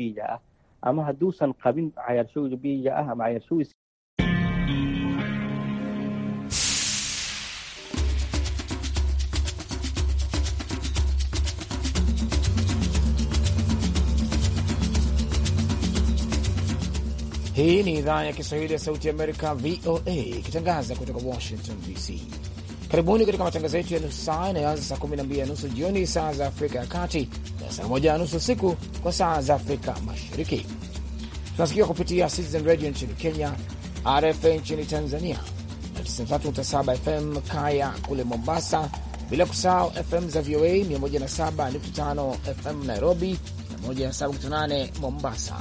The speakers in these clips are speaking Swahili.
biyiga ah ama hadduusan qabin cayaarshowga biyiga ah ama cayaarshowgiis Hii ni idhaa ya Kiswahili ya Sauti ya Amerika, VOA, ikitangaza kutoka Washington DC. Karibuni katika matangazo yetu ya nusu saa inayoanza saa 12 na nusu jioni saa za Afrika ya Kati na saa 1 na nusu usiku kwa saa za Afrika Mashariki. tunasikika kupitia Citizen Radio nchini Kenya, RFA nchini Tanzania na 93.7 FM Kaya kule Mombasa, bila kusahau FM za VOA 107.5 FM Nairobi na 107.8 Mombasa,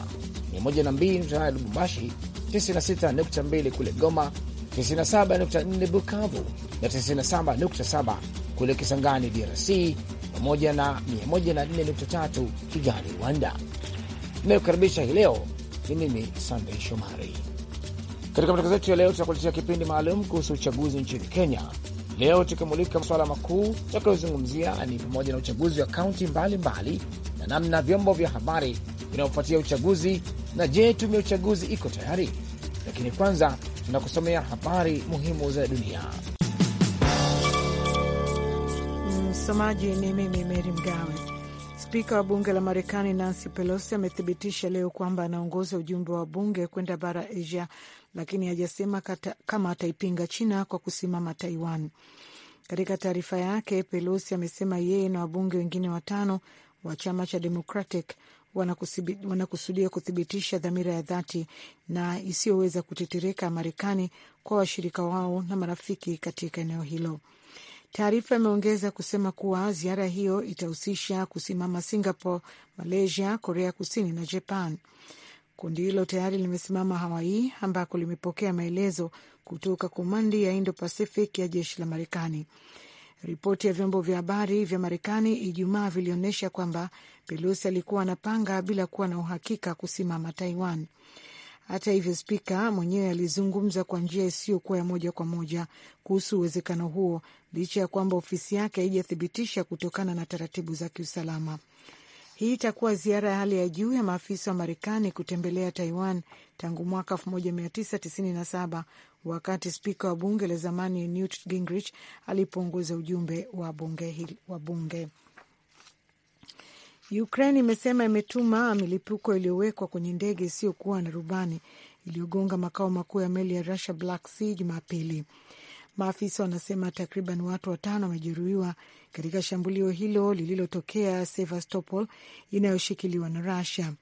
102.8 Lubumbashi, 96.2 kule Goma 97.4 Bukavu na 97.7 kule Kisangani, DRC, pamoja na 104.3 Kigali, Rwanda. Inayokaribisha hii leo ni mimi sandey Shomari. Katika matangazo yetu ya leo, tutakuletea kipindi maalum kuhusu uchaguzi nchini Kenya. Leo tukamulika masuala makuu tutakayozungumzia ni pamoja na uchaguzi wa kaunti mbalimbali na namna vyombo vya habari vinayofuatia uchaguzi, na je, tume ya uchaguzi iko tayari? lakini kwanza tunakusomea habari muhimu za dunia. Msomaji ni mimi Meri Mgawe. Spika wa bunge la Marekani Nancy Pelosi amethibitisha leo kwamba anaongoza ujumbe wa bunge kwenda bara Asia, lakini hajasema kama ataipinga China kwa kusimama Taiwan. Katika taarifa yake, Pelosi amesema yeye na wabunge wengine watano wa chama cha Democratic wanakusudia kuthibitisha dhamira ya dhati na isiyoweza kutetereka Marekani kwa washirika wao na marafiki katika eneo hilo. Taarifa imeongeza kusema kuwa ziara hiyo itahusisha kusimama Singapore, Malaysia, Korea Kusini na Japan. Kundi hilo tayari limesimama Hawaii, ambako limepokea maelezo kutoka komandi ya Indo Pacific ya jeshi la Marekani. Ripoti ya vyombo vya habari vya Marekani Ijumaa vilionyesha kwamba Pelosi alikuwa anapanga bila kuwa na uhakika kusimama Taiwan. Hata hivyo, spika mwenyewe alizungumza kwa njia isiyokuwa ya moja kwa moja kuhusu uwezekano huo, licha ya kwamba ofisi yake haijathibitisha kutokana na taratibu za kiusalama. Hii itakuwa ziara ya hali ya juu ya maafisa wa Marekani kutembelea Taiwan tangu mwaka 1997 wakati spika wa bunge la zamani Newt Gingrich alipoongoza ujumbe wa bunge, wa bunge. Ukraine imesema imetuma milipuko iliyowekwa kwenye ndege isiyokuwa na rubani iliyogonga makao makuu ya meli ya Russia Black Sea Jumapili. Maafisa wanasema takriban watu watano wamejeruhiwa katika shambulio hilo lililotokea Sevastopol inayoshikiliwa na Rusia.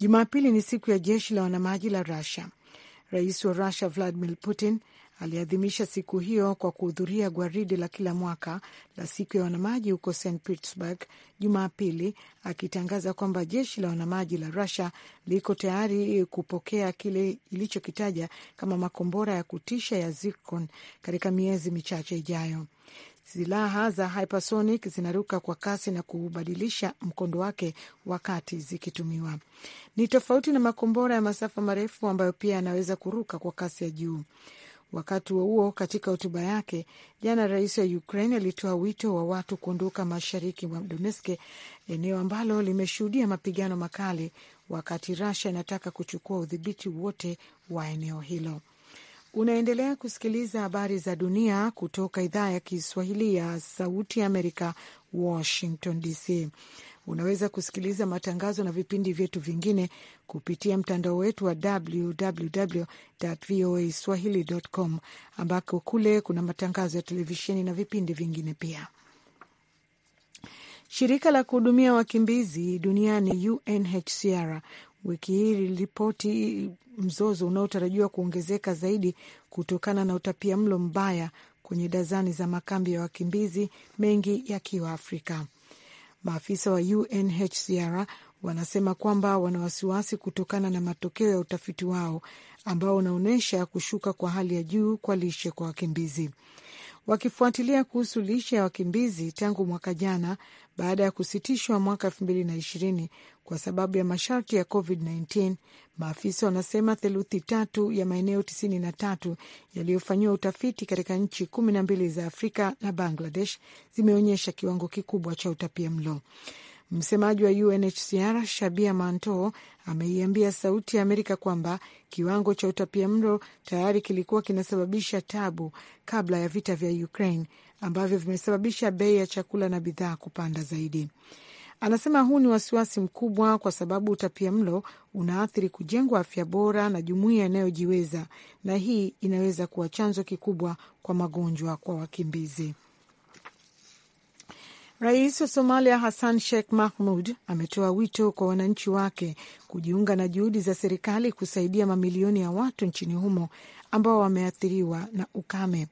Jumapili ni siku ya jeshi la wanamaji la Rusia. Rais wa Rusia Vladimir Putin aliadhimisha siku hiyo kwa kuhudhuria gwaridi la kila mwaka la siku ya wanamaji huko St Petersburg Jumapili, akitangaza kwamba jeshi la wanamaji la Russia liko tayari kupokea kile ilichokitaja kama makombora ya kutisha ya Zircon katika miezi michache ijayo. Silaha za hypersonic zinaruka kwa kasi na kubadilisha mkondo wake wakati zikitumiwa. Ni tofauti na makombora ya masafa marefu ambayo pia yanaweza kuruka kwa kasi ya juu. Wakati huo huo, katika hotuba yake jana, rais wa Ukraine alitoa wito wa watu kuondoka mashariki mwa Donetsk, eneo ambalo limeshuhudia mapigano makali, wakati Russia inataka kuchukua udhibiti wote wa eneo hilo. Unaendelea kusikiliza habari za dunia kutoka idhaa ya Kiswahili ya Sauti ya Amerika, Washington DC. Unaweza kusikiliza matangazo na vipindi vyetu vingine kupitia mtandao wetu wa www voa swahili.com, ambako kule kuna matangazo ya televisheni na vipindi vingine pia. Shirika la kuhudumia wakimbizi duniani UNHCR wiki hii liliripoti mzozo unaotarajiwa kuongezeka zaidi kutokana na utapia mlo mbaya kwenye dazani za makambi ya wakimbizi, mengi yakiwa Afrika. Maafisa wa UNHCR wanasema kwamba wana wasiwasi kutokana na matokeo ya utafiti wao ambao unaonyesha kushuka kwa hali ya juu kwa lishe kwa wakimbizi wakifuatilia kuhusu lishe ya wakimbizi tangu mwaka jana baada ya kusitishwa mwaka elfu mbili na ishirini kwa sababu ya masharti ya COVID-19. Maafisa wanasema theluthi tatu ya maeneo tisini na tatu yaliyofanyiwa utafiti katika nchi kumi na mbili za Afrika na Bangladesh zimeonyesha kiwango kikubwa cha utapia mlo. Msemaji wa UNHCR Shabia Manto ameiambia Sauti ya Amerika kwamba kiwango cha utapia mlo tayari kilikuwa kinasababisha tabu kabla ya vita vya Ukraine ambavyo vimesababisha bei ya chakula na bidhaa kupanda zaidi. Anasema huu ni wasiwasi mkubwa kwa sababu utapia mlo unaathiri kujengwa afya bora na jumuiya inayojiweza na hii inaweza kuwa chanzo kikubwa kwa magonjwa kwa wakimbizi. Rais wa Somalia Hassan Sheikh Mahmud ametoa wito kwa wananchi wake kujiunga na juhudi za serikali kusaidia mamilioni ya watu nchini humo ambao wameathiriwa na ukame.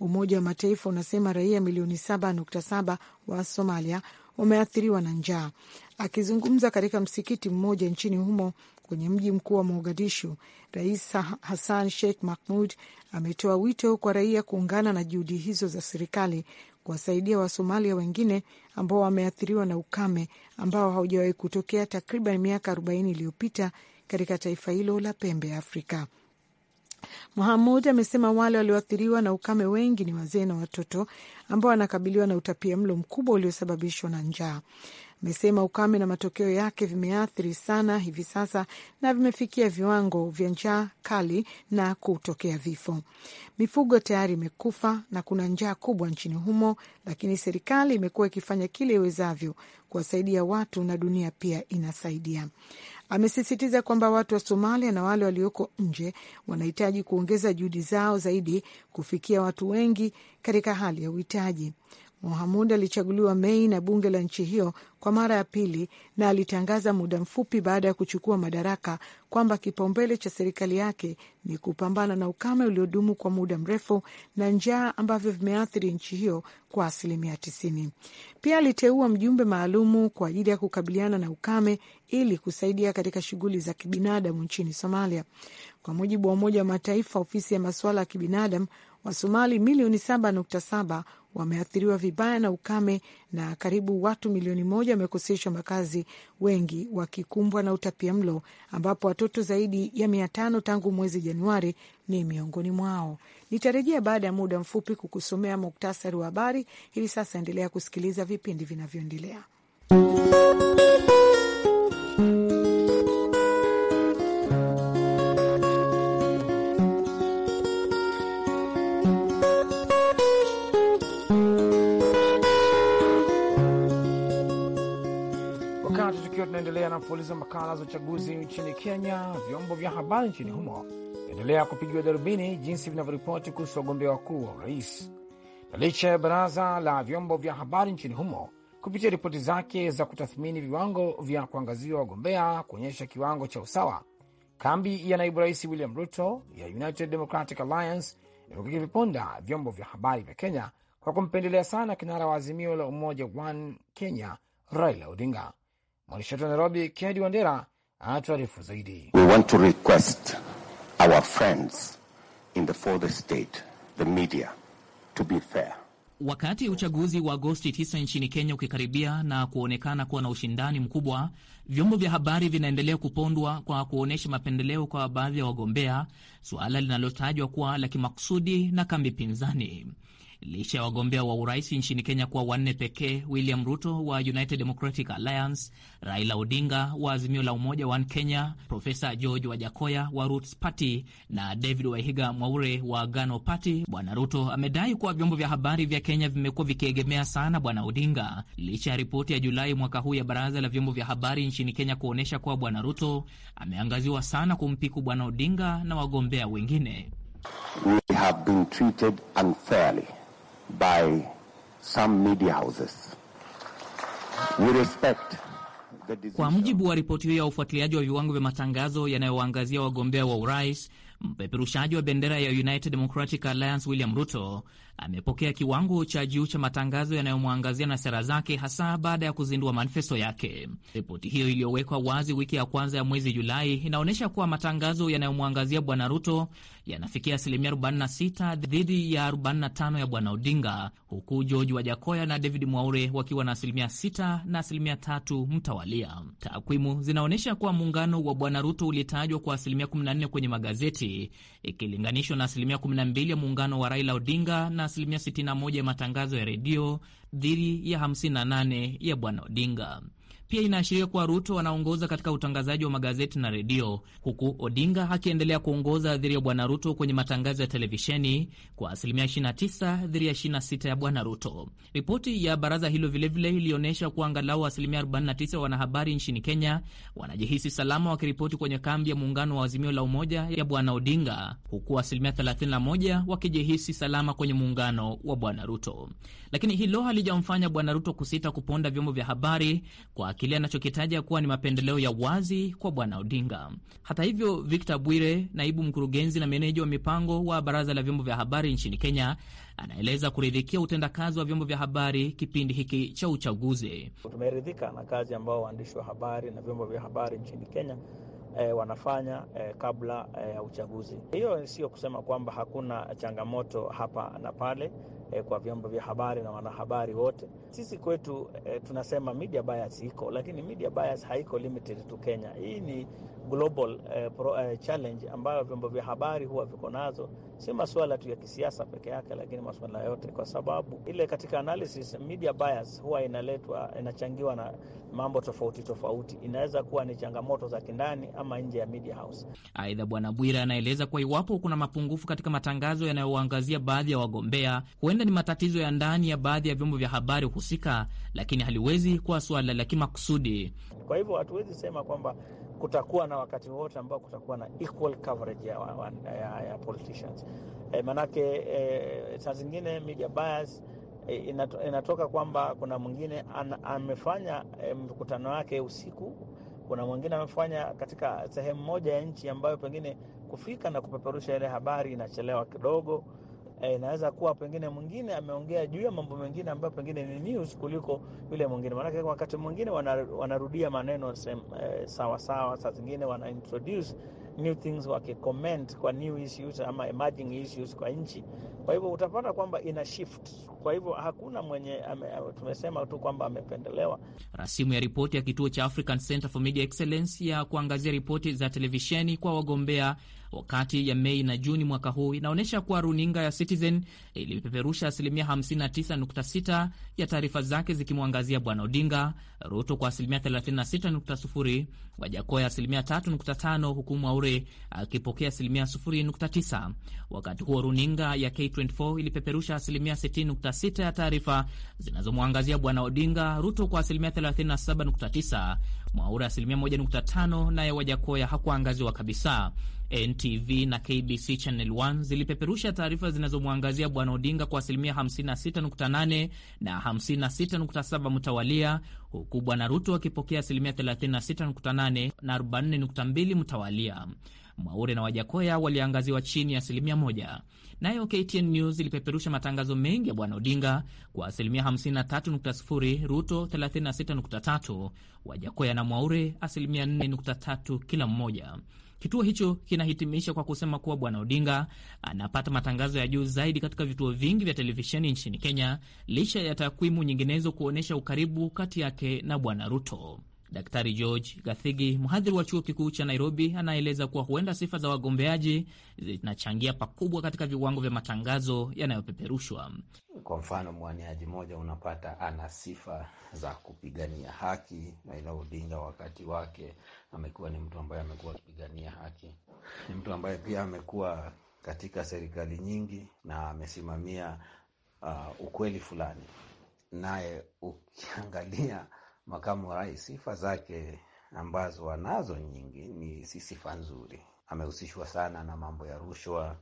Umoja wa Mataifa unasema raia milioni 7.7 wa Somalia wameathiriwa na njaa. Akizungumza katika msikiti mmoja nchini humo kwenye mji mkuu wa Mogadishu, Rais Hassan Sheikh Mahmud ametoa wito kwa raia kuungana na juhudi hizo za serikali kuwasaidia Wasomalia wengine ambao wameathiriwa na ukame ambao haujawahi kutokea takriban miaka 40 iliyopita katika taifa hilo la pembe ya Afrika. mhamud amesema wale walioathiriwa na ukame wengi ni wazee na watoto ambao wanakabiliwa na utapia mlo mkubwa uliosababishwa na njaa amesema ukame na matokeo yake vimeathiri sana hivi sasa na vimefikia viwango vya njaa kali na kutokea vifo. Mifugo tayari imekufa na kuna njaa kubwa nchini humo, lakini serikali imekuwa ikifanya kile iwezavyo kuwasaidia watu na dunia pia inasaidia. Amesisitiza kwamba watu wa Somalia na wale walioko nje wanahitaji kuongeza juhudi zao zaidi kufikia watu wengi katika hali ya uhitaji. Mohamud alichaguliwa Mei na bunge la nchi hiyo kwa mara ya pili na alitangaza muda mfupi baada ya kuchukua madaraka kwamba kipaumbele cha serikali yake ni kupambana na ukame uliodumu kwa muda mrefu na njaa ambavyo vimeathiri nchi hiyo kwa asilimia tisini. Pia aliteua mjumbe maalumu kwa ajili ya kukabiliana na ukame ili kusaidia katika shughuli za kibinadamu nchini Somalia. Kwa mujibu wa Umoja wa Mataifa, ofisi ya masuala ya kibinadamu, Wasomali milioni 7.7 wameathiriwa vibaya na ukame na karibu watu milioni moja wamekoseshwa makazi, wengi wakikumbwa na utapia mlo, ambapo watoto zaidi ya mia tano tangu mwezi Januari ni miongoni mwao. Nitarejea baada ya muda mfupi kukusomea muktasari wa habari. Hivi sasa endelea kusikiliza vipindi vinavyoendelea. mfululizo wa makala za uchaguzi nchini Kenya, vyombo vya habari nchini humo endelea kupigiwa darubini jinsi vinavyoripoti kuhusu wagombea wakuu wa urais, na licha ya baraza la vyombo vya habari nchini humo kupitia ripoti zake za kutathmini viwango vya kuangaziwa wagombea kuonyesha kiwango cha usawa, kambi ya naibu rais William Ruto ya United Democratic Alliance viponda vyombo vya habari vya Kenya kwa kumpendelea sana kinara wa Azimio la Umoja One Kenya Raila Odinga. Mwandishi wetu wa Nairobi, Kennedy Wandera, anatuarifu zaidi. We want to request our friends in the state, the media, to be fair. Wakati uchaguzi wa Agosti 9 nchini Kenya ukikaribia na kuonekana kuwa na ushindani mkubwa, vyombo vya habari vinaendelea kupondwa kwa kuonyesha mapendeleo kwa baadhi ya wagombea, suala linalotajwa kuwa la kimakusudi na kambi pinzani licha ya wagombea wa urais nchini Kenya kuwa wanne pekee: William Ruto wa United Democratic Alliance, Raila Odinga wa Azimio la Umoja wa Kenya, Profesa George Wajakoya wa Roots Party na David Waihiga Mwaure wa Gano Party. Bwana Ruto amedai kuwa vyombo vya habari vya Kenya vimekuwa vikiegemea sana Bwana Odinga licha ya ripoti ya Julai mwaka huu ya Baraza la Vyombo vya Habari nchini Kenya kuonyesha kuwa Bwana Ruto ameangaziwa sana kumpiku Bwana Odinga na wagombea wengine. We have been treated unfairly by some media houses. We respect kwa mujibu wa ripoti hiyo ya ufuatiliaji wa viwango vya matangazo yanayowaangazia wagombea wa urais, mpeperushaji wa bendera ya United Democratic Alliance William Ruto amepokea kiwango cha juu cha matangazo yanayomwangazia na sera zake, hasa baada ya kuzindua manifesto yake. Ripoti hiyo iliyowekwa wazi wiki ya kwanza ya mwezi Julai inaonyesha kuwa matangazo yanayomwangazia Bwana Ruto yanafikia asilimia 46 dhidi ya 45 ya Bwana Odinga, huku George Wajakoya na David Mwaure wakiwa na asilimia 6 na asilimia tatu mtawalia. Takwimu zinaonyesha kuwa muungano wa Bwana Ruto ulitajwa kwa asilimia 14 kwenye magazeti ikilinganishwa na asilimia 12 ya muungano wa Raila Odinga na asilimia 61 ya matangazo ya redio dhidi ya 58 ya Bwana Odinga. Pia inaashiria kuwa Ruto anaongoza katika utangazaji wa magazeti na redio, huku Odinga akiendelea kuongoza dhidi ya Bwana Ruto kwenye matangazo ya televisheni kwa asilimia 29 dhidi ya 26 ya Bwana Ruto. Ripoti ya baraza hilo vilevile ilionyesha kuwa angalau asilimia 49 wanahabari nchini Kenya wanajihisi salama wakiripoti kwenye kambi ya muungano wa Azimio la Umoja ya Bwana Odinga, huku asilimia 31 wakijihisi salama kwenye muungano wa Bwana Ruto. Lakini hilo halijamfanya Bwana Ruto kusita kuponda vyombo vya habari kwa kile anachokitaja kuwa ni mapendeleo ya wazi kwa bwana Odinga. Hata hivyo, Victor Bwire, naibu mkurugenzi na meneja wa mipango wa baraza la vyombo vya habari nchini Kenya, anaeleza kuridhikia utendakazi wa vyombo vya habari kipindi hiki cha uchaguzi. Tumeridhika na kazi ambao waandishi wa habari na vyombo vya habari nchini Kenya E, wanafanya e, kabla eh, ya e, uchaguzi. Hiyo sio kusema kwamba hakuna changamoto hapa na pale, eh, kwa vyombo vya habari na wanahabari wote. Sisi kwetu eh, tunasema media bias iko, lakini media bias haiko limited tu Kenya. Hii ni global eh, pro, eh, challenge ambayo vyombo vya habari huwa viko nazo, si masuala tu ya kisiasa peke yake, lakini masuala yote, kwa sababu ile katika analysis media bias huwa inaletwa, inachangiwa na mambo tofauti tofauti, inaweza kuwa ni changamoto za kindani ama nje ya media house. Aidha, Bwana Bwira anaeleza kuwa iwapo kuna mapungufu katika matangazo yanayoangazia baadhi ya wagombea, huenda ni matatizo ya ndani ya baadhi ya vyombo vya habari husika, lakini haliwezi kuwa swala la kimakusudi. Kwa hivyo hatuwezi sema kwamba kutakuwa na wakati wote ambao kutakuwa na equal coverage ya, ya, ya politicians e, manake e, saa zingine media bias e, eh, inato, inatoka kwamba kuna mwingine amefanya e, mkutano wake usiku, kuna mwingine amefanya katika sehemu moja ya nchi ambayo pengine kufika na kupeperusha ile habari inachelewa kidogo eh, inaweza kuwa pengine mwingine ameongea juu ya mambo mengine ambayo pengine ni news kuliko yule mwingine. Maanake wakati mwingine wana, wanarudia maneno sem, eh, sawa sawa, saa zingine wana introduce new things comment kwa new issues ama emerging issues kwa nchi. Kwa hivyo utapata kwamba ina shift. Kwa hivyo hakuna mwenye ame, tumesema tu kwamba amependelewa. Rasimu ya ripoti ya kituo cha African Center for Media Excellence ya kuangazia ripoti za televisheni kwa wagombea wakati ya Mei na Juni mwaka huu inaonyesha kuwa runinga ya Citizen ilipeperusha asilimia 59.6 ya taarifa zake zikimwangazia Bwana Odinga, Ruto kwa asilimia 36.0, Wajakoya asilimia 3.5, huku Mwaure akipokea asilimia 0.9. Wakati huo runinga ya K24 ilipeperusha asilimia 60.6 ya taarifa zinazomwangazia Bwana Odinga, Ruto kwa asilimia 37.9, Mwaure asilimia 1.5, naye Wajakoya hakuangaziwa kabisa. NTV na KBC Channel 1 zilipeperusha taarifa zinazomwangazia Bwana Odinga kwa asilimia 56.8 na 56.7 mtawalia, huku Bwana Ruto akipokea asilimia 36.8 na 42 mtawalia. Mwaure na Wajakoya waliangaziwa chini ya asilimia moja. Nayo KTN News ilipeperusha matangazo mengi ya Bwana Odinga kwa asilimia 53.0, Ruto 36.3, Wajakoya na Mwaure asilimia 4.3 kila mmoja. Kituo hicho kinahitimisha kwa kusema kuwa Bwana Odinga anapata matangazo ya juu zaidi katika vituo vingi vya televisheni nchini Kenya, licha ya takwimu nyinginezo kuonyesha ukaribu kati yake na Bwana Ruto. Daktari George Gathigi, mhadhiri wa chuo kikuu cha Nairobi, anaeleza kuwa huenda sifa za wagombeaji zinachangia pakubwa katika viwango vya matangazo yanayopeperushwa. Kwa mfano, mwaniaji mmoja unapata ana sifa za kupigania haki. Raila Odinga wakati wake amekuwa ni mtu ambaye amekuwa akipigania haki, ni mtu ambaye pia amekuwa katika serikali nyingi na amesimamia uh, ukweli fulani. Naye ukiangalia makamu wa rais, sifa zake ambazo anazo nyingi ni si sifa nzuri. Amehusishwa sana na mambo ya rushwa,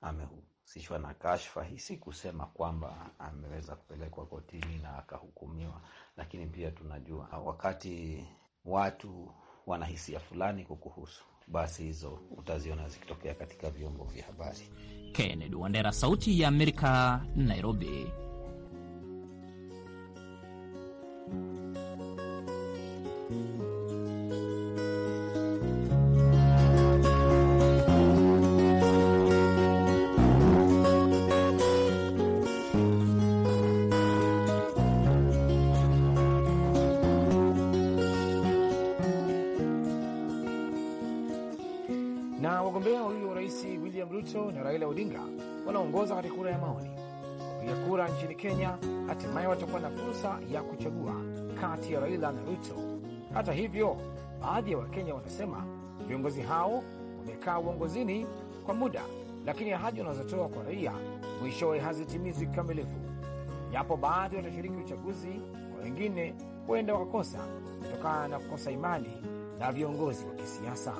amehusishwa na kashfa. Hii si kusema kwamba ameweza kupelekwa kotini na akahukumiwa, lakini pia tunajua wakati watu wana hisia fulani kukuhusu, basi hizo utaziona zikitokea katika vyombo vya habari. Kennedy Wandera, Sauti ya Amerika, Nairobi. hatimaye watakuwa na fursa ya kuchagua kati ya Raila na Ruto. Hata hivyo, baadhi ya Wakenya wanasema viongozi hao wamekaa uongozini kwa muda, lakini ahadi wanazotoa kwa raia mwishowe hazitimizi kikamilifu. Yapo baadhi watashiriki uchaguzi, kwa wengine huenda wakakosa kutokana na kukosa imani na viongozi wa kisiasa.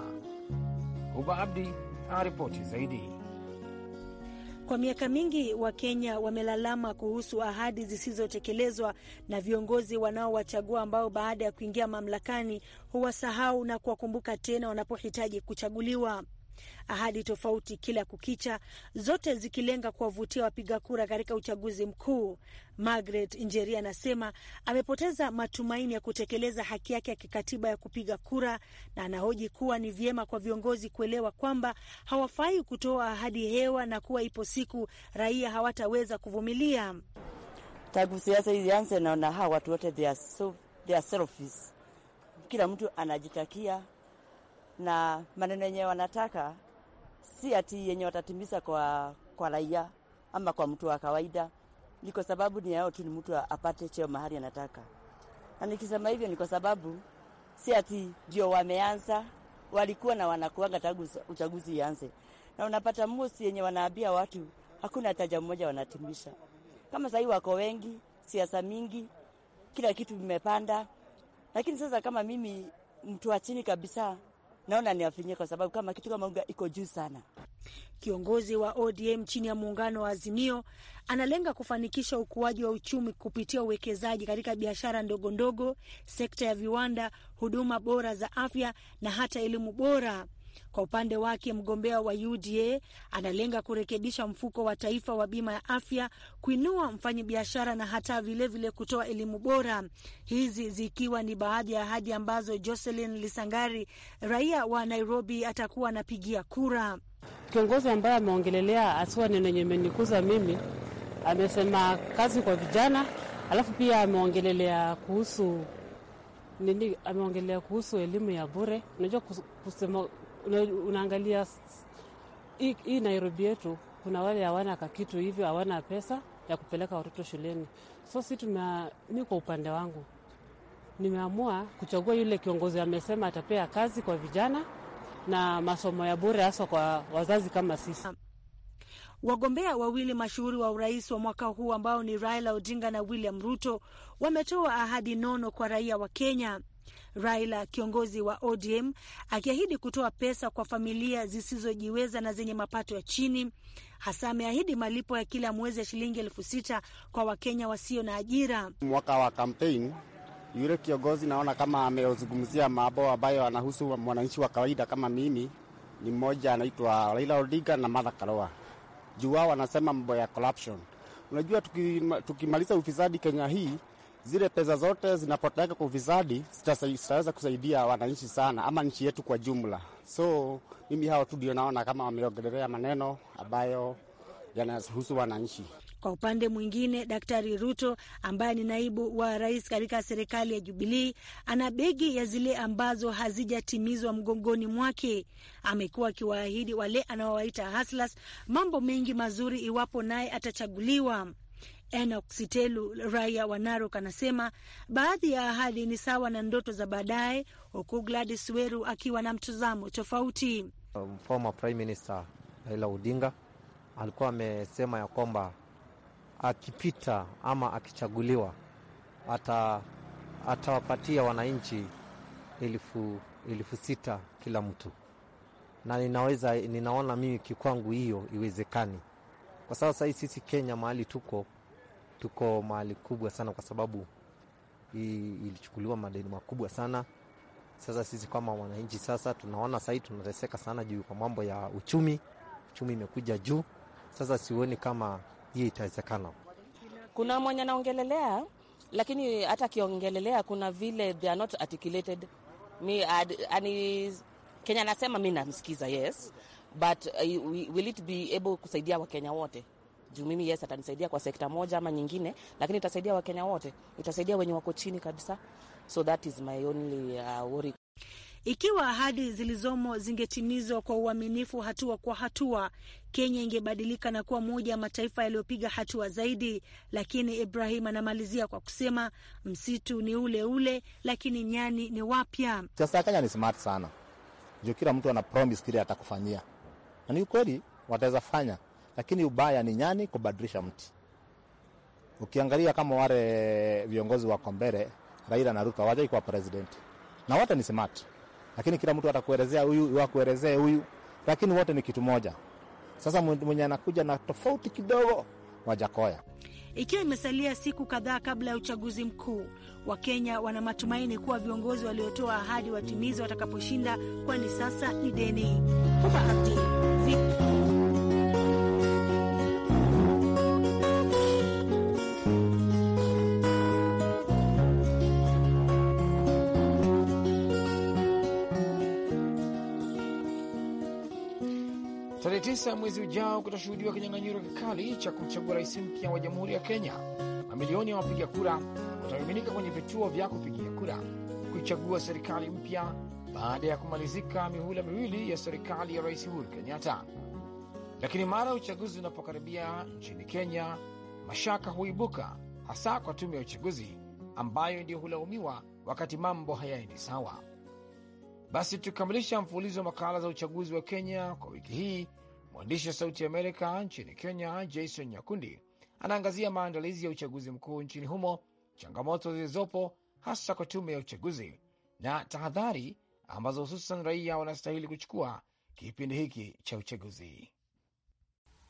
Huba Abdi aripoti zaidi. Kwa miaka mingi Wakenya wamelalama kuhusu ahadi zisizotekelezwa na viongozi wanaowachagua ambao baada ya kuingia mamlakani huwasahau na kuwakumbuka tena wanapohitaji kuchaguliwa ahadi tofauti kila kukicha, zote zikilenga kuwavutia wapiga kura katika uchaguzi mkuu. Margaret Njeri anasema amepoteza matumaini ya kutekeleza haki yake ya kikatiba ya kupiga kura, na anahoji kuwa ni vyema kwa viongozi kuelewa kwamba hawafai kutoa ahadi hewa na kuwa ipo siku raia hawataweza kuvumilia. Tangu siasa hizi anze, naona hawa watu wote they are selfish. Kila mtu anajitakia na maneno yenye wanataka si ati yenye watatimiza kwa, kwa raia ama kwa mtu wa kawaida. Ni kwa sababu ni yao tu, ni mtu apate cheo mahali anataka. Na nikisema hivyo ni kwa sababu si ati ndio wameanza, walikuwa na wanakuanga tangu uchaguzi ianze, na unapata mosi yenye wanaambia watu hakuna hataja mmoja wanatimisha. Kama sahi wako wengi, siasa mingi, kila kitu vimepanda, lakini sasa kama mimi mtu wa chini kabisa naona ni kwa sababu kama kitu kama unga iko juu sana. Kiongozi wa ODM chini ya muungano wa Azimio analenga kufanikisha ukuaji wa uchumi kupitia uwekezaji katika biashara ndogo ndogo, sekta ya viwanda, huduma bora za afya na hata elimu bora. Kwa upande wake, mgombea wa UDA analenga kurekebisha mfuko wa taifa wa bima ya afya, kuinua mfanyabiashara na hata vilevile kutoa elimu bora, hizi zikiwa ni baadhi ya ahadi ambazo Jocelyn Lisangari, raia wa Nairobi, atakuwa anapigia kura. Kiongozi ambaye ameongelelea asiwa neno yenye imenikuza mimi, amesema kazi kwa vijana, alafu pia ameongelelea kuhusu nini, ameongelea kuhusu elimu ya bure. Unajua kusema una, unaangalia hii Nairobi yetu kuna wale hawana kakitu hivyo, hawana pesa ya kupeleka watoto shuleni. So si tuna, mi kwa upande wangu nimeamua kuchagua yule kiongozi amesema atapea kazi kwa vijana na masomo ya bure haswa kwa wazazi kama sisi. Wagombea wawili mashuhuri wa urais wa mwaka huu ambao ni Raila Odinga na William Ruto wametoa ahadi nono kwa raia wa Kenya. Raila, kiongozi wa ODM, akiahidi kutoa pesa kwa familia zisizojiweza na zenye mapato ya chini. Hasa ameahidi malipo ya kila mwezi ya shilingi elfu sita kwa Wakenya wasio na ajira. Mwaka wa kampeni yule kiongozi naona kama amezungumzia mambo ambayo anahusu mwananchi wa kawaida kama mimi. Ni mmoja anaitwa Raila Odinga na Martha Karua, juu wao wanasema mambo ya corruption. Unajua tukimaliza ufisadi Kenya hii zile pesa zote zinapotaka kwa ufisadi zitaweza kusaidia wananchi sana, ama nchi yetu kwa jumla. So mimi hawa tu ndio naona kama wameongelelea maneno ambayo yanahusu wananchi. Kwa upande mwingine, Daktari Ruto ambaye ni naibu wa rais katika serikali ya Jubilii ana begi ya zile ambazo hazijatimizwa mgongoni mwake. Amekuwa akiwaahidi wale anaowaita haslas mambo mengi mazuri iwapo naye atachaguliwa. Enoch Sitelu, raia wa Narok, anasema baadhi ya ahadi ni sawa na ndoto za baadaye, huku Gladys Weru akiwa na mtazamo tofauti. Um, former prime minister Raila Odinga alikuwa amesema ya kwamba akipita ama akichaguliwa atawapatia wananchi elfu, elfu sita kila mtu, na ninaweza ninaona mimi kikwangu hiyo iwezekani kwa sasa hii sisi Kenya mahali tuko tuko mahali kubwa sana, kwa sababu hii ilichukuliwa madeni makubwa sana. Sasa sisi kama wananchi sasa tunaona sahii tunateseka sana juu kwa mambo ya uchumi, uchumi imekuja juu. Sasa sioni kama hii itawezekana. Kuna mwenye anaongelelea, lakini hata akiongelelea kuna vile they are not articulated. Mi, ad, ani, Kenya anasema mi namsikiza yes, but uh, will it be able kusaidia Wakenya wote? juu mimi yes, atanisaidia kwa sekta moja ama nyingine, lakini itasaidia Wakenya wote, itasaidia wenye wako chini kabisa. So that is my only uh, worry. Ikiwa ahadi zilizomo zingetimizwa kwa uaminifu hatua kwa hatua, Kenya ingebadilika na kuwa moja ya mataifa yaliyopiga hatua zaidi. Lakini Ibrahim anamalizia kwa kusema msitu ni ule ule, lakini nyani ni wapya. Siasa ya Kenya ni smart sana juu kila mtu ana promise kile atakufanyia, na ni ukweli wataweza fanya lakini ubaya ni nyani kubadilisha mti. Ukiangalia kama wale viongozi wa Kombere, Raila na Ruto hawajai kuwa president, na wote ni smart, lakini kila mtu atakuelezea huyu wakuelezee huyu, lakini wote ni kitu moja. Sasa mwenye anakuja na tofauti kidogo Wajakoya. Ikiwa imesalia siku kadhaa kabla ya uchaguzi mkuu, Wakenya wana matumaini kuwa viongozi waliotoa ahadi watimizi watakaposhinda, kwani sasa ni deni. tisa mwezi ujao kutashuhudiwa kinyang'anyiro kikali cha kumchagua rais mpya wa jamhuri ya Kenya. Mamilioni ya wapiga kura watamiminika kwenye vituo vya kupigia kura kuichagua serikali mpya baada ya kumalizika mihula miwili ya serikali ya rais Uhuru Kenyatta. Lakini mara uchaguzi unapokaribia nchini Kenya, mashaka huibuka, hasa kwa tume ya uchaguzi ambayo ndio hulaumiwa wakati mambo hayaendi sawa. Basi tukamilisha mfululizo wa makala za uchaguzi wa Kenya kwa wiki hii Mwandishi wa Sauti ya Amerika nchini Kenya, Jason Nyakundi, anaangazia maandalizi ya uchaguzi mkuu nchini humo, changamoto zilizopo hasa kwa tume ya uchaguzi na tahadhari ambazo hususan raia wanastahili kuchukua kipindi hiki cha uchaguzi.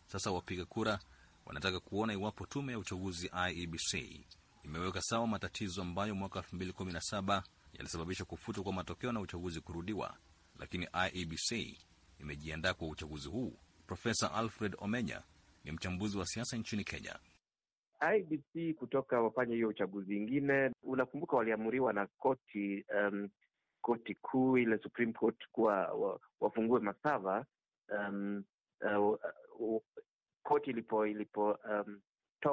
Sasa wapiga kura wanataka kuona iwapo tume ya uchaguzi IEBC imeweka sawa matatizo ambayo mwaka 2017 yalisababisha kufutwa kwa matokeo na uchaguzi kurudiwa, lakini IEBC imejiandaa kwa uchaguzi huu Profesa Alfred Omenya ni mchambuzi wa siasa nchini Kenya. IBC kutoka wafanye hiyo uchaguzi ingine, unakumbuka waliamuriwa na koti um, koti kuu ile Supreme Court kuwa wafungue masava um, uh, uh, koti ilipo ilipotoa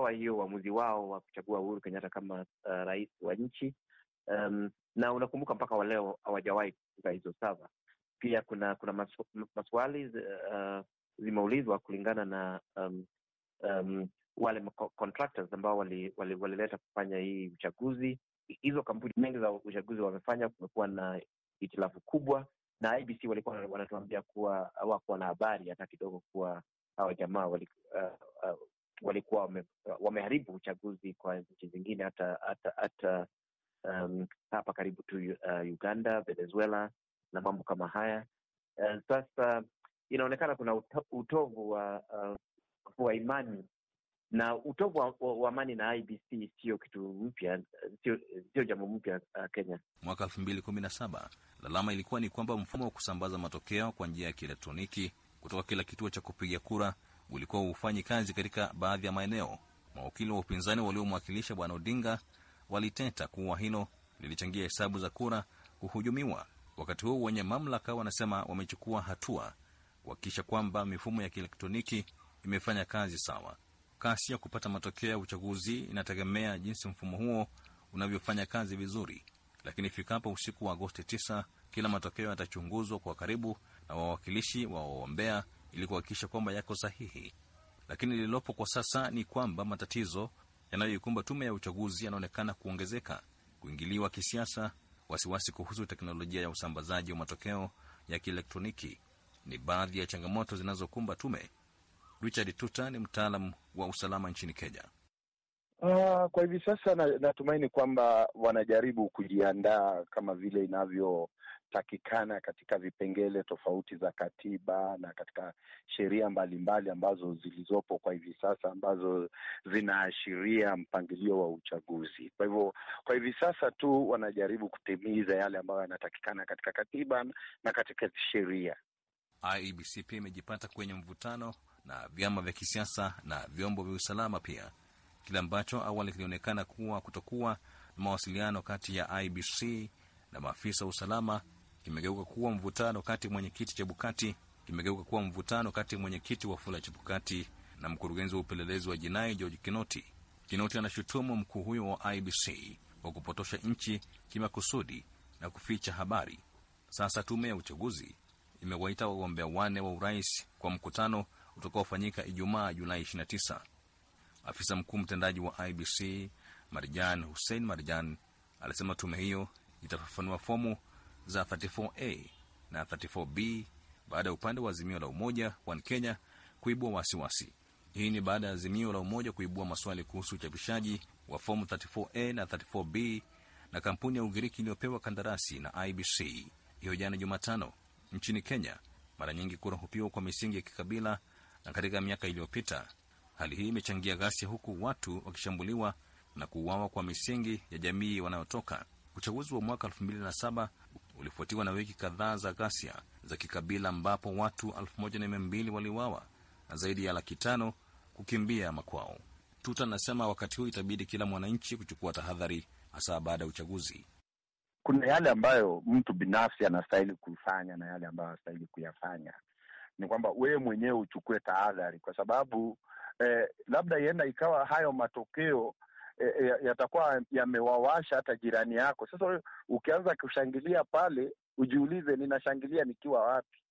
um, hiyo uamuzi wao wa kuchagua Uhuru Kenyatta kama uh, rais wa nchi um, na unakumbuka mpaka waleo hawajawahi kufunga hizo sava. Pia kuna kuna maswali uh, zimeulizwa kulingana na um, um, wale contractors ambao walileta wali, wali kufanya hii uchaguzi. Hizo kampuni mengi za uchaguzi wamefanya, kumekuwa na hitilafu kubwa, na IBC walikuwa wanatuambia kuwa hawakuwa na habari hata kidogo kuwa hawa jamaa walikuwa uh, uh, walikuwa wame, wameharibu uchaguzi kwa nchi zingine hata hata hata um, hapa karibu tu uh, Uganda, Venezuela na mambo kama haya. Uh, sasa inaonekana kuna utovu wa, uh, wa imani na utovu wa, wa, wa amani na IBC sio kitu mpya, sio jambo mpya uh, Kenya. Mwaka elfu mbili kumi na saba lalama ilikuwa ni kwamba mfumo wa kusambaza matokeo kwa njia ya kielektroniki kutoka kila kituo cha kupiga kura ulikuwa hufanyi kazi katika baadhi ya maeneo. Mawakili wa upinzani waliomwakilisha Bwana Odinga waliteta kuwa hilo lilichangia hesabu za kura kuhujumiwa. Wakati huo wenye mamlaka wanasema wamechukua hatua kuhakikisha kwamba mifumo ya kielektroniki imefanya kazi sawa. Kasi ya kupata matokeo ya uchaguzi inategemea jinsi mfumo huo unavyofanya kazi vizuri, lakini ifikapo usiku wa Agosti 9 kila matokeo yatachunguzwa kwa karibu na wawakilishi wa waombea ili kuhakikisha kwamba yako sahihi. Lakini lililopo kwa sasa ni kwamba matatizo yanayoikumba tume ya uchaguzi yanaonekana kuongezeka: kuingiliwa kisiasa, wasiwasi kuhusu teknolojia ya usambazaji wa matokeo ya kielektroniki, ni baadhi ya changamoto zinazokumba tume. Richard Tuta ni mtaalam wa usalama nchini Kenya. Uh, kwa hivi sasa na, natumaini kwamba wanajaribu kujiandaa kama vile inavyotakikana katika vipengele tofauti za katiba na katika sheria mbalimbali ambazo zilizopo kwa hivi sasa ambazo zinaashiria mpangilio wa uchaguzi. Kwa hivyo, kwa hivi sasa tu wanajaribu kutimiza yale ambayo yanatakikana katika katiba na katika sheria. IEBC pia imejipata kwenye mvutano na vyama vya kisiasa na vyombo vya usalama pia, kile ambacho awali kilionekana kuwa kutokuwa na mawasiliano kati ya IEBC na maafisa wa usalama kimegeuka kuwa mvutano kati mwenyekiti Chebukati kimegeuka kuwa mvutano kati mwenyekiti fula Chebukati na mkurugenzi wa upelelezi wa jinai George Kinoti. Kinoti anashutumu mkuu huyo wa IBC e kwa kupotosha nchi kimakusudi na kuficha habari. Sasa tume ya uchaguzi imewaita wagombea wane wa urais kwa mkutano utakaofanyika Ijumaa Julai 29. Afisa mkuu mtendaji wa IBC Marjan Hussein Marjan alisema tume hiyo itafafanua fomu za 34A na 34B baada ya upande wa Azimio la Umoja wa Kenya kuibua wasiwasi wasi. Hii ni baada ya Azimio la Umoja kuibua maswali kuhusu uchapishaji wa fomu 34A na 34B na kampuni ya Ugiriki iliyopewa kandarasi na IBC hiyo jana Jumatano. Nchini Kenya, mara nyingi kura hupigwa kwa misingi ya kikabila, na katika miaka iliyopita hali hii imechangia ghasia, huku watu wakishambuliwa na kuuawa kwa misingi ya jamii wanayotoka. Uchaguzi wa mwaka 2007 ulifuatiwa na wiki kadhaa za ghasia za kikabila ambapo watu 1200 waliuawa na zaidi ya laki tano kukimbia makwao. Tuta anasema wakati huu itabidi kila mwananchi kuchukua tahadhari, hasa baada ya uchaguzi kuna yale ambayo mtu binafsi anastahili kufanya na yale ambayo anastahili kuyafanya. Ni kwamba wewe mwenyewe uchukue tahadhari, kwa sababu eh, labda ienda ikawa hayo matokeo eh, yatakuwa yamewawasha hata jirani yako. Sasa ukianza kushangilia pale, ujiulize, ninashangilia nikiwa wapi?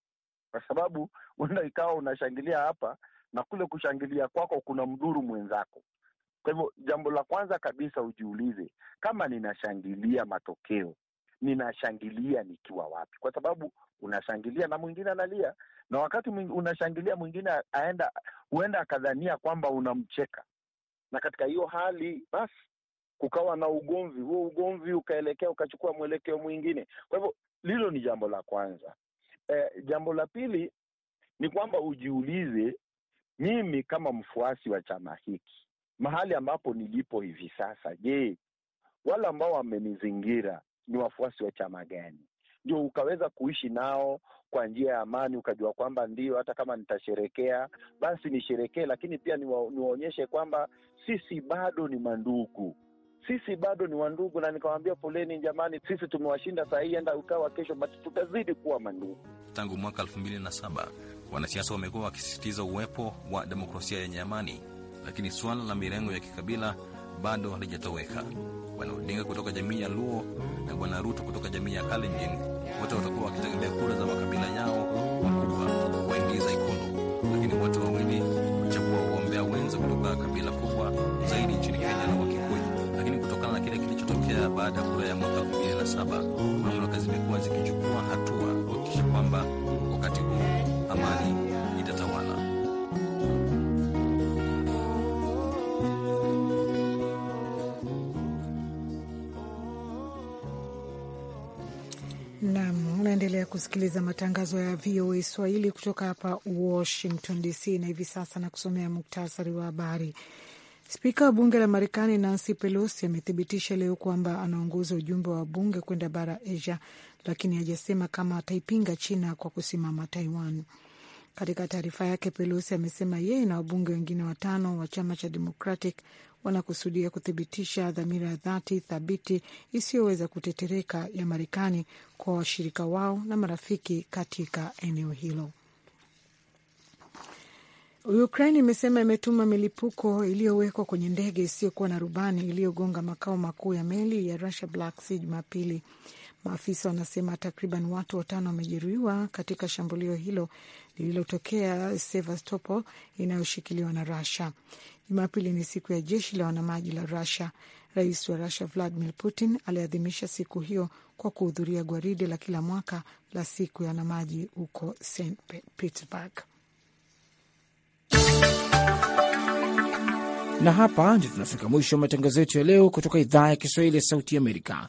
Kwa sababu uenda ikawa unashangilia hapa na kule kushangilia kwako kuna mdhuru mwenzako. Kwa hivyo jambo la kwanza kabisa ujiulize, kama ninashangilia matokeo ninashangilia nikiwa wapi? Kwa sababu unashangilia na mwingine analia, na wakati unashangilia mwingine aenda, huenda akadhania kwamba unamcheka, na katika hiyo hali basi kukawa na ugomvi, huo ugomvi ukaelekea ukachukua mwelekeo mwingine. Kwa hivyo lilo ni jambo la kwanza. E, jambo la pili ni kwamba ujiulize, mimi kama mfuasi wa chama hiki mahali ambapo nilipo hivi sasa, je, wale ambao wamenizingira ni wafuasi wa chama gani, ndio ukaweza kuishi nao kwa njia ya amani, ukajua kwamba ndio, hata kama nitasherekea basi nisherekee, lakini pia niwa, niwaonyeshe kwamba sisi bado ni mandugu sisi bado ni wandugu, na nikawambia poleni jamani, sisi tumewashinda saa hii, enda ukawa kesho, basi tutazidi kuwa mandugu. Tangu mwaka elfu mbili na saba wanasiasa wamekuwa wakisisitiza uwepo wa demokrasia yenye amani, lakini suala la mirengo ya kikabila bado halijatoweka. Bwana Odinga kutoka jamii ya Luo na Bwana Ruto kutoka jamii ya Kalenjin wote watakuwa wakitegemea kura za makabila yao makubwa waingiza Ikulu, lakini wote wawili wachagua wagombea wenza kutoka kabila kubwa zaidi nchini Kenya na Wakikuyu. Lakini kutokana na kile kilichotokea baada ya kura ya mwaka elfu mbili na saba mamlaka zimekuwa zikichukua hatua kuhakikisha kwamba Unaendelea kusikiliza matangazo ya VOA Swahili kutoka hapa Washington DC, na hivi sasa na kusomea muktasari wa habari. Spika wa bunge la Marekani Nancy Pelosi amethibitisha leo kwamba anaongoza ujumbe wa bunge kwenda bara Asia, lakini hajasema kama ataipinga China kwa kusimama Taiwan. Katika taarifa yake, Pelosi amesema yeye na wabunge wengine watano wa chama cha Democratic wanakusudia kuthibitisha dhamira ya dhati thabiti isiyoweza kutetereka ya Marekani kwa washirika wao na marafiki katika eneo hilo. Ukraine imesema imetuma milipuko iliyowekwa kwenye ndege isiyokuwa na rubani iliyogonga makao makuu ya meli ya Russia Black Sea Jumapili. Maafisa wanasema takriban watu watano wamejeruhiwa katika shambulio hilo lililotokea Sevastopol inayoshikiliwa na Rusia. Jumapili ni siku ya jeshi la wanamaji la Rusia. Rais wa Rusia Vladimir Putin aliadhimisha siku hiyo kwa kuhudhuria gwaride la kila mwaka la siku ya wanamaji huko St Petersburg. Na hapa ndio tunafika mwisho wa matangazo yetu ya leo kutoka idhaa ya Kiswahili ya Sauti Amerika.